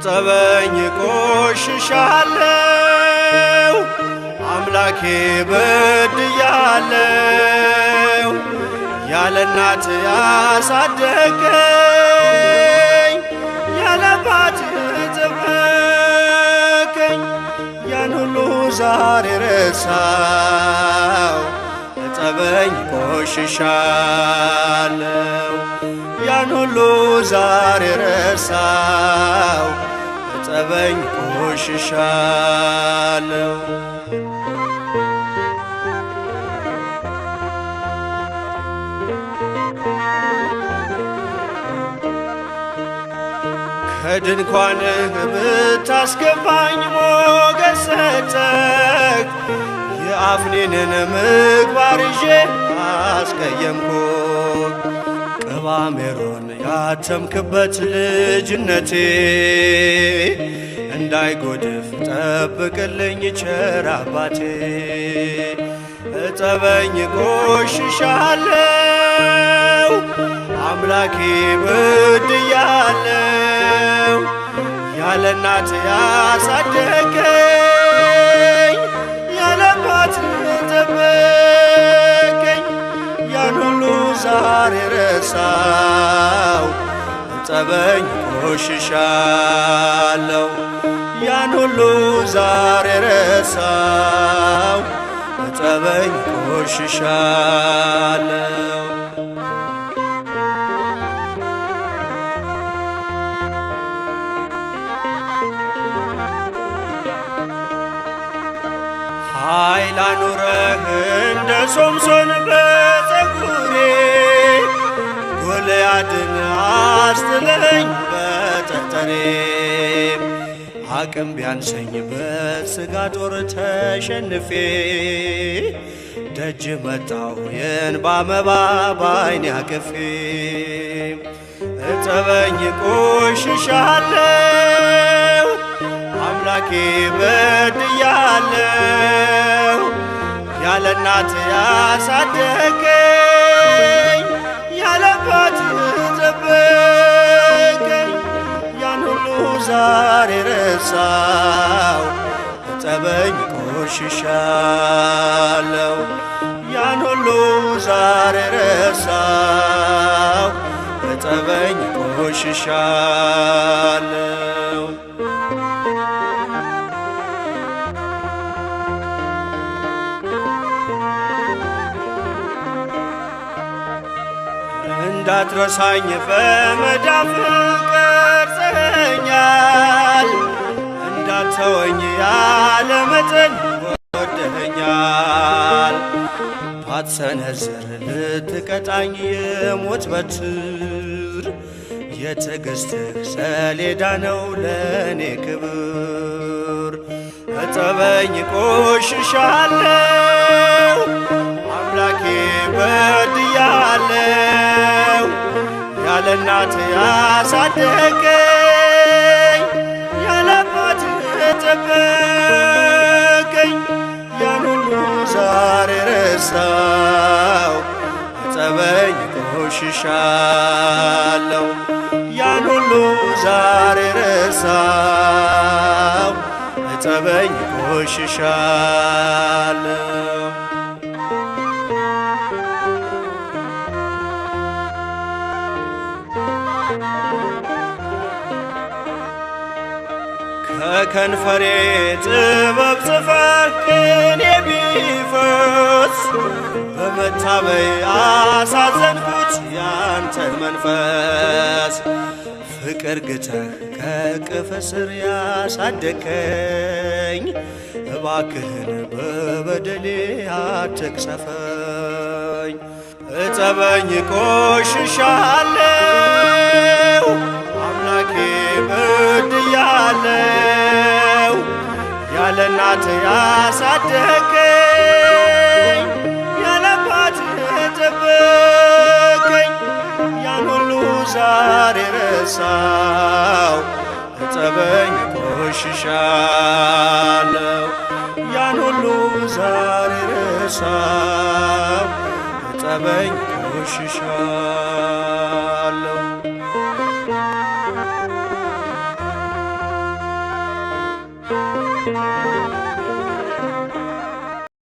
ከጸበኝ ቆሽሻለው አምላኬ በድያለው ያለ እናት ያሳደገኝ ያለ አባት ጠበቀኝ ያን ሁሉ ዛሬ ረሳው ከጸበኝ ቆሽሻለው ያን ሁሉ ዛሬ ረሳው ጠበኝ ቆሽሻለው ከድንኳንህ ብታስገባኝ ሞገስ ሰጠህ የአፍኒንን ምግባር ይዤ አስቀየምኩ በጀርባ ሜሮን ያተምክበት ልጅነቴ እንዳይጎድፍ ጠብቅልኝ ቸር አባቴ። እጠበኝ ቆሽሻለው፣ አምላኬ በድያለው፣ ያለ እናት ያሳደገኝ ያለ አባት ጠበኝ ቆሽሻለሁ፣ ያን ሁሉ ዛሬ ረሳው። በጠበኝ ቆሽሻለሁ ኃይል አኑረህ እንደ ሶምሶን በ አቅም ቢያንሰኝበት ስጋ ጦር ተሸንፌ ደጅ መጣሁ የእንባ መባ ባይኔ አቅፌ እጠበኝ ቆሽሻለሁ አምላኬ በድያለሁ ያለ እናት ያሳደገኝ ያለ አባት ጠበቀኝ ያን ሁሉ ዛሬ የተነሳው ከጠበኝ ቆሽሻለው ያን ሁሉ ዛሬ ረሳው ከጠበኝ ቆሽሻለው እንዳትረሳኝ በመዳፍ ሰነዝር ልትቀጣኝ የሞት በትር የትዕግሥትህ ሰሌዳ ነው ለእኔ ክብር። እጠበኝ ቆሽሻለሁ፣ አምላኬ በድያለሁ፣ ያለ እናት ያሳደገ አሻለው ያን ሁሉ ዛሬ ረሳው እጠበኝ ቆሽሻለው ከንፈሬ ጥበብ ጽፈህ የሚፈስ ቢፈስ በመታበይ አሳዘንኩት ያንተን መንፈስ ፍቅር ግተህ ከቅፍ ስር ያሳደከኝ እባክህን በበደሌ አትቅሰፈኝ። እጠበኝ ቆሽሻለሁ አምላኬ በድያለሁ እናት ያሳደገኝ ያለባት ጠበቀኝ፣ ያን ሁሉ ዛሬ ረሳው እጠበኝ ቆሽሻለው ያን ሁሉ ዛሬ ረሳው እጠበኝ